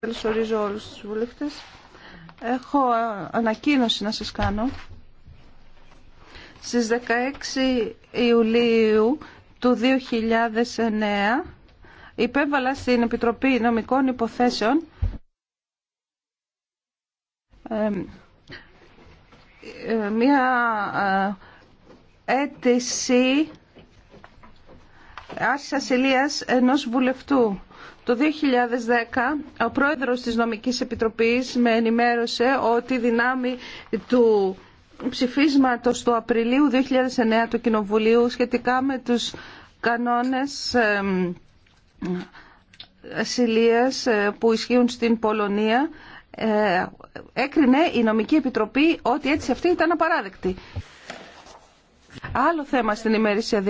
καλωσορίζω όλους τους βουλευτές. Έχω ανακοίνωση να σας κάνω. Στις 16 Ιουλίου του 2009 υπέβαλα στην Επιτροπή Νομικών Υποθέσεων μία ε, αίτηση άρση ασυλίας ενός βουλευτού. Το 2010 ο πρόεδρος της Νομικής Επιτροπής με ενημέρωσε ότι δυνάμη του ψηφίσματος του Απριλίου 2009 του Κοινοβουλίου σχετικά με τους κανόνες ασυλίας ε, που ισχύουν στην Πολωνία ε, έκρινε η Νομική Επιτροπή ότι έτσι αυτή ήταν απαράδεκτη. Άλλο θέμα στην ημερήσια